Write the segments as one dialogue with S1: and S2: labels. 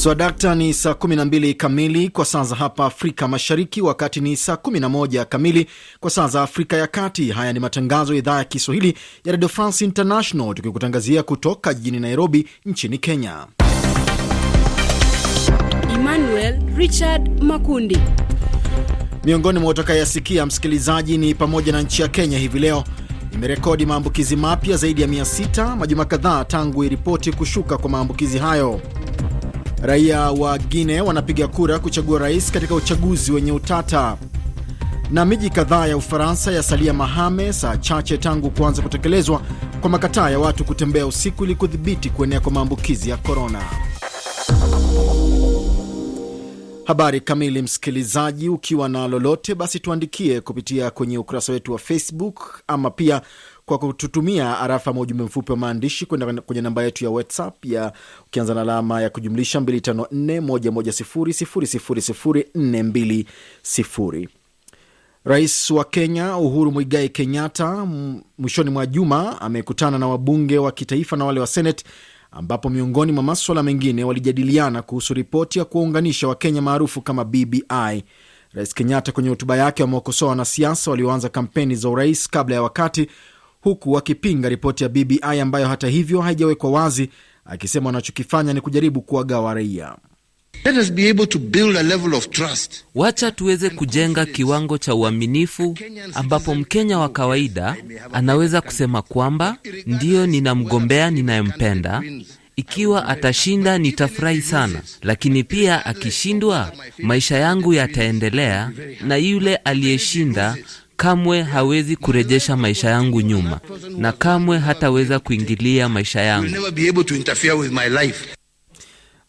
S1: Swadakta ni saa 12 kamili kwa saa za hapa Afrika Mashariki, wakati ni saa 11 kamili kwa saa za Afrika ya Kati. Haya ni matangazo ya idhaa ya Kiswahili ya Radio France International, tukikutangazia kutoka jijini Nairobi nchini Kenya.
S2: Emmanuel Richard
S1: Makundi. Miongoni mwa utakayasikia msikilizaji, ni pamoja na nchi ya Kenya hivi leo imerekodi maambukizi mapya zaidi ya 600 majuma kadhaa tangu iripoti kushuka kwa maambukizi hayo Raia wa guine wanapiga kura kuchagua rais katika uchaguzi wenye utata. Na miji kadhaa ya Ufaransa yasalia mahame saa chache tangu kuanza kutekelezwa kwa makataa ya watu kutembea usiku ili kudhibiti kuenea kwa maambukizi ya korona. Habari kamili, msikilizaji, ukiwa na lolote basi tuandikie kupitia kwenye ukurasa wetu wa Facebook ama pia kwa kututumia arafa ma ujumbe mfupi wa maandishi kwenda kwenye namba yetu ya WhatsApp ya ukianza na alama ya kujumlisha 254110000420. Rais wa Kenya Uhuru mwigai Kenyatta mwishoni mwa juma amekutana na wabunge wa kitaifa na wale wa Senate ambapo miongoni mwa maswala mengine walijadiliana kuhusu ripoti ya kuwaunganisha Wakenya maarufu kama BBI. Rais Kenyatta kwenye hotuba yake wamewakosoa wanasiasa walioanza kampeni za urais kabla ya wakati huku akipinga ripoti ya BBI ambayo hata hivyo haijawekwa wazi, akisema wanachokifanya ni kujaribu kuwagawa raia. Wacha tuweze kujenga kiwango cha uaminifu ambapo Mkenya wa kawaida anaweza kusema kwamba ndiyo, ninamgombea ninayempenda. Ikiwa atashinda nitafurahi sana, lakini pia akishindwa, maisha yangu yataendelea na yule aliyeshinda kamwe hawezi kurejesha
S2: maisha yangu nyuma na kamwe hataweza kuingilia maisha yangu.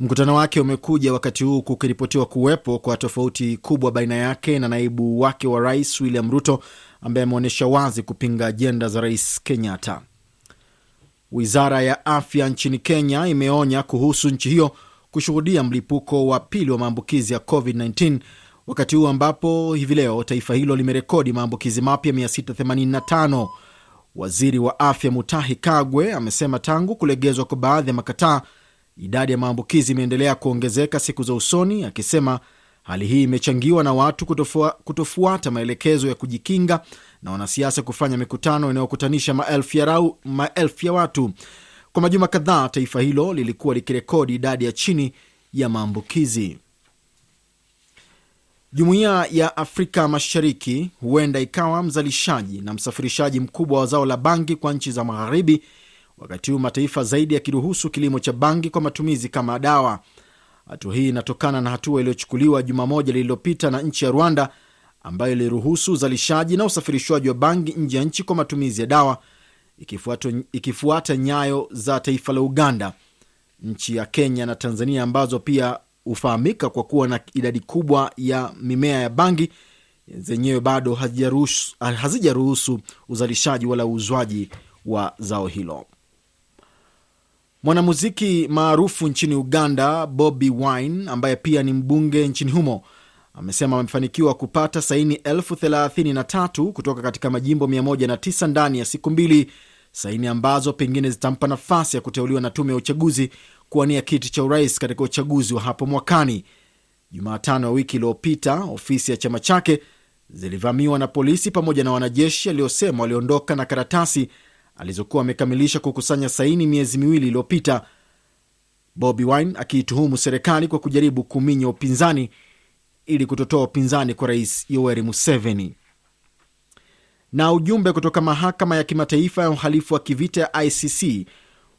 S1: Mkutano wake umekuja wakati huu kukiripotiwa kuwepo kwa tofauti kubwa baina yake na naibu wake wa rais William Ruto ambaye ameonyesha wazi kupinga ajenda za rais Kenyatta. Wizara ya afya nchini Kenya imeonya kuhusu nchi hiyo kushuhudia mlipuko wa pili wa maambukizi ya COVID-19 wakati huu ambapo hivi leo taifa hilo limerekodi maambukizi mapya 685. Waziri wa afya Mutahi Kagwe amesema tangu kulegezwa kwa baadhi ya makataa, idadi ya maambukizi imeendelea kuongezeka siku za usoni, akisema hali hii imechangiwa na watu kutofua, kutofuata maelekezo ya kujikinga na wanasiasa kufanya mikutano inayokutanisha maelfu ya, maelfu ya watu. Kwa majuma kadhaa taifa hilo lilikuwa likirekodi idadi ya chini ya maambukizi. Jumuiya ya Afrika Mashariki huenda ikawa mzalishaji na msafirishaji mkubwa wa zao la bangi kwa nchi za magharibi, wakati huu mataifa zaidi yakiruhusu kilimo cha bangi kwa matumizi kama dawa. Hatua hii inatokana na hatua iliyochukuliwa juma moja lililopita na nchi ya Rwanda, ambayo iliruhusu uzalishaji na usafirishwaji wa bangi nje ya nchi kwa matumizi ya dawa, ikifuata, ikifuata nyayo za taifa la Uganda, nchi ya Kenya na Tanzania ambazo pia hufahamika kwa kuwa na idadi kubwa ya mimea ya bangi, zenyewe bado hazijaruhusu uzalishaji wala uuzwaji wa zao hilo. Mwanamuziki maarufu nchini Uganda, Bobi Wine, ambaye pia ni mbunge nchini humo, amesema amefanikiwa kupata saini 33 kutoka katika majimbo 19 ndani ya siku mbili, saini ambazo pengine zitampa nafasi ya kuteuliwa na tume ya uchaguzi kuwania kiti cha urais katika uchaguzi wa hapo mwakani. Jumatano ya wiki iliyopita ofisi ya chama chake zilivamiwa na polisi pamoja na wanajeshi aliosema waliondoka na karatasi alizokuwa amekamilisha kukusanya saini miezi miwili iliyopita, Bobi Wine akiituhumu serikali kwa kujaribu kuminya upinzani ili kutotoa upinzani kwa rais Yoweri Museveni. Na ujumbe kutoka mahakama ya kimataifa ya uhalifu wa kivita ya ICC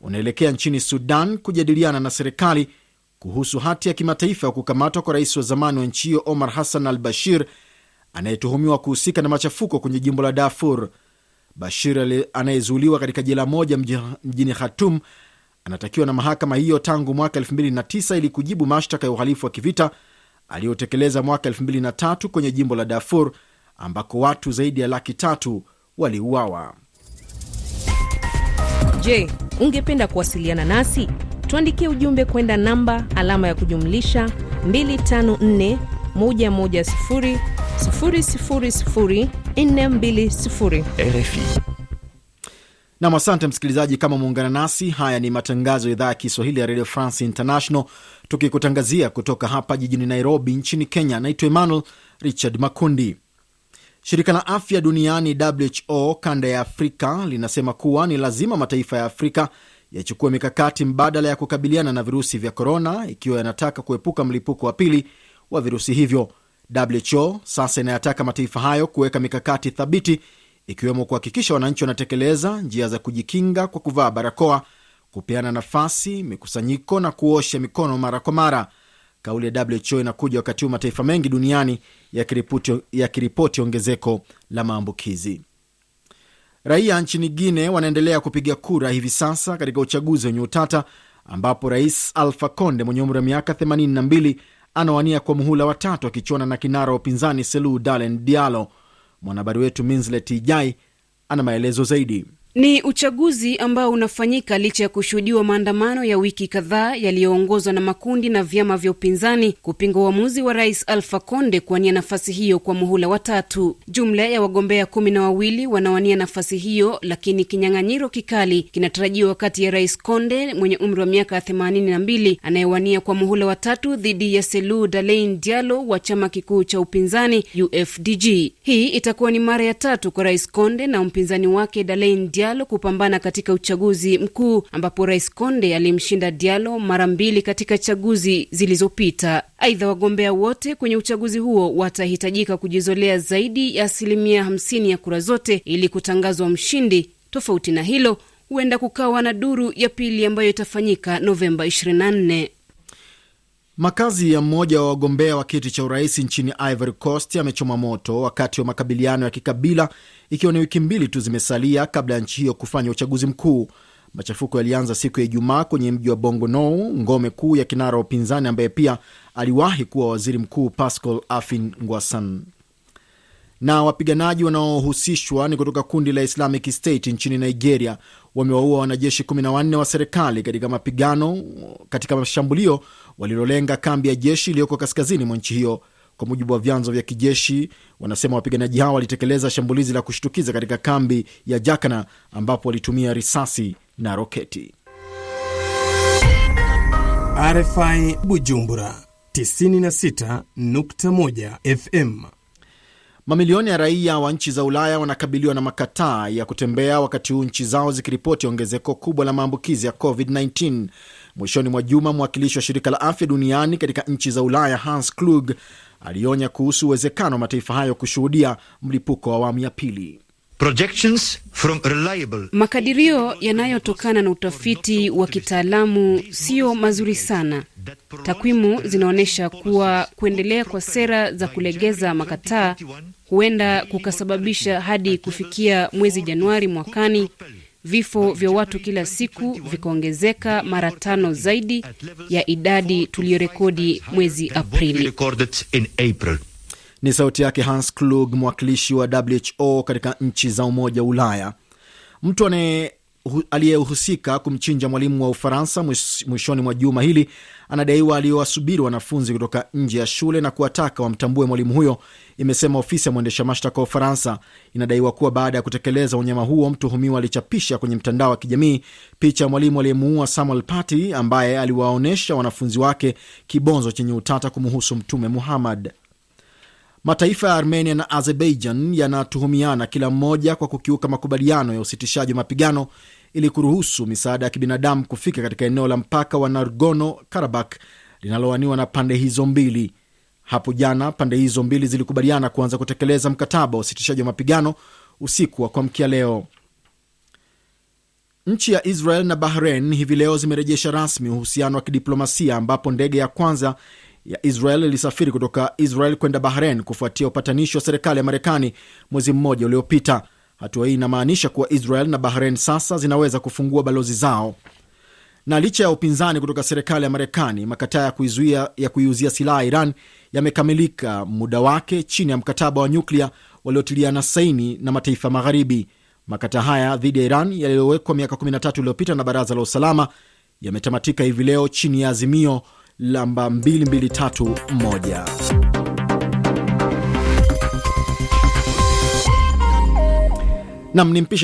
S1: unaelekea nchini Sudan kujadiliana na serikali kuhusu hati ya kimataifa ya kukamatwa kwa rais wa zamani wa nchi hiyo Omar Hassan al Bashir anayetuhumiwa kuhusika na machafuko kwenye jimbo la Darfur. Bashir anayezuuliwa katika jela moja mjini Khartoum anatakiwa na mahakama hiyo tangu mwaka 2009 ili kujibu mashtaka ya uhalifu wa kivita aliyotekeleza mwaka 2003 kwenye jimbo la Darfur ambako watu zaidi ya laki tatu waliuawa.
S2: Je, ungependa kuwasiliana nasi? Tuandikie ujumbe kwenda namba alama ya kujumlisha 254 110 000 420
S1: RFI. Nam, asante msikilizaji, kama muungana nasi. Haya ni matangazo ya idhaa ya Kiswahili ya Radio France International, tukikutangazia kutoka hapa jijini Nairobi nchini Kenya. Naitwa Emmanuel Richard Makundi. Shirika la afya duniani WHO kanda ya Afrika linasema kuwa ni lazima mataifa ya Afrika yachukue mikakati mbadala ya kukabiliana na virusi vya korona ikiwa yanataka kuepuka mlipuko wa pili wa virusi hivyo. WHO sasa inayataka mataifa hayo kuweka mikakati thabiti ikiwemo kuhakikisha wananchi wanatekeleza njia za kujikinga kwa kuvaa barakoa, kupeana nafasi, mikusanyiko na kuosha mikono mara kwa mara. Kauli ya WHO inakuja wakati huu mataifa mengi duniani yakiripoti ongezeko la maambukizi. Raia nchini Guine wanaendelea kupiga kura hivi sasa katika uchaguzi wenye utata ambapo rais Alfa Conde mwenye umri wa miaka 82 anawania kwa muhula watatu akichuana na kinara wa upinzani Selu Dalen Dialo. Mwanahabari wetu Minslet Ijai ana maelezo zaidi.
S2: Ni uchaguzi ambao unafanyika licha ya kushuhudiwa maandamano ya wiki kadhaa yaliyoongozwa na makundi na vyama vya upinzani kupinga uamuzi wa rais Alpha conde kuwania nafasi hiyo kwa muhula wa tatu. Jumla ya wagombea kumi na wawili wanawania nafasi hiyo, lakini kinyang'anyiro kikali kinatarajiwa kati ya rais conde mwenye umri wa miaka themanini na mbili anayewania kwa muhula wa tatu dhidi ya Selu Dalein Dialo wa chama kikuu cha upinzani UFDG. Hii itakuwa ni mara ya tatu kwa rais conde na mpinzani wake Dalein Diallo kupambana katika uchaguzi mkuu ambapo Rais Konde alimshinda Diallo mara mbili katika chaguzi zilizopita. Aidha, wagombea wote kwenye uchaguzi huo watahitajika kujizolea zaidi ya asilimia 50 ya kura zote ili kutangazwa mshindi. Tofauti na hilo, huenda kukawa na duru ya pili ambayo itafanyika Novemba 24.
S1: Makazi ya mmoja wa wagombea wa kiti cha urais nchini Ivory Coast yamechoma moto wakati wa makabiliano ya kikabila, ikiwa ni wiki mbili tu zimesalia kabla ya nchi hiyo kufanya uchaguzi mkuu. Machafuko yalianza siku ya Ijumaa kwenye mji wa Bongonou, ngome kuu ya kinara wa upinzani ambaye pia aliwahi kuwa waziri mkuu Pascal Afin Ngwasan na wapiganaji wanaohusishwa ni kutoka kundi la Islamic State nchini Nigeria wamewaua wanajeshi 14 wa serikali katika mapigano katika mashambulio walilolenga kambi ya jeshi iliyoko kaskazini mwa nchi hiyo. Kwa mujibu wa vyanzo vya kijeshi, wanasema wapiganaji hao walitekeleza shambulizi la kushtukiza katika kambi ya Jakana ambapo walitumia risasi na roketi. RFI Bujumbura 96.1 FM Mamilioni ya raia wa nchi za Ulaya wanakabiliwa na makataa ya kutembea, wakati huu nchi zao zikiripoti ongezeko kubwa la maambukizi ya COVID-19. Mwishoni mwa juma, mwakilishi wa shirika la afya duniani katika nchi za Ulaya Hans Kluge alionya kuhusu uwezekano wa mataifa hayo kushuhudia mlipuko wa awamu ya pili. Projections from reliable.
S2: Makadirio yanayotokana na utafiti wa kitaalamu sio mazuri sana. Takwimu zinaonyesha kuwa kuendelea kwa sera za kulegeza makataa huenda kukasababisha hadi kufikia mwezi Januari mwakani vifo vya watu kila siku vikaongezeka mara tano zaidi ya idadi tuliyorekodi mwezi Aprili.
S1: Ni sauti yake Hans Klug, mwakilishi wa WHO katika nchi za Umoja wa Ulaya. Mtu aliyehusika kumchinja mwalimu wa Ufaransa mwishoni mwa juma hili anadaiwa aliyowasubiri wanafunzi kutoka nje ya shule na kuwataka wamtambue mwalimu huyo, imesema ofisi ya mwendesha mashtaka wa Ufaransa. Inadaiwa kuwa baada ya kutekeleza unyama huo, mtuhumiwa alichapisha kwenye mtandao wa kijamii picha ya mwalimu aliyemuua Samuel Paty, ambaye aliwaonyesha wanafunzi wake kibonzo chenye utata kumuhusu Mtume Muhammad. Mataifa ya Armenia na Azerbaijan yanatuhumiana kila mmoja kwa kukiuka makubaliano ya usitishaji wa mapigano ili kuruhusu misaada ya kibinadamu kufika katika eneo la mpaka wa Nagorno Karabakh linalowaniwa na pande hizo mbili. Hapo jana pande hizo mbili zilikubaliana kuanza kutekeleza mkataba wa usitishaji wa mapigano usiku wa kuamkia leo. Nchi ya Israel na Bahrain hivi leo zimerejesha rasmi uhusiano wa kidiplomasia ambapo ndege ya kwanza ya Israel ilisafiri kutoka Israel kwenda Bahrain kufuatia upatanishi wa serikali ya Marekani mwezi mmoja uliopita. Hatua hii inamaanisha kuwa Israel na Bahrain sasa zinaweza kufungua balozi zao. Na licha ya upinzani kutoka serikali ya Marekani, makataa ya kuizuia ya kuiuzia silaha Iran yamekamilika muda wake chini ya mkataba wa nyuklia waliotiliana saini na mataifa magharibi. Makataa haya dhidi ya Iran yaliyowekwa miaka 13 iliyopita na Baraza la Usalama yametamatika hivi leo chini ya azimio lamba 2231. Nam ni mpisha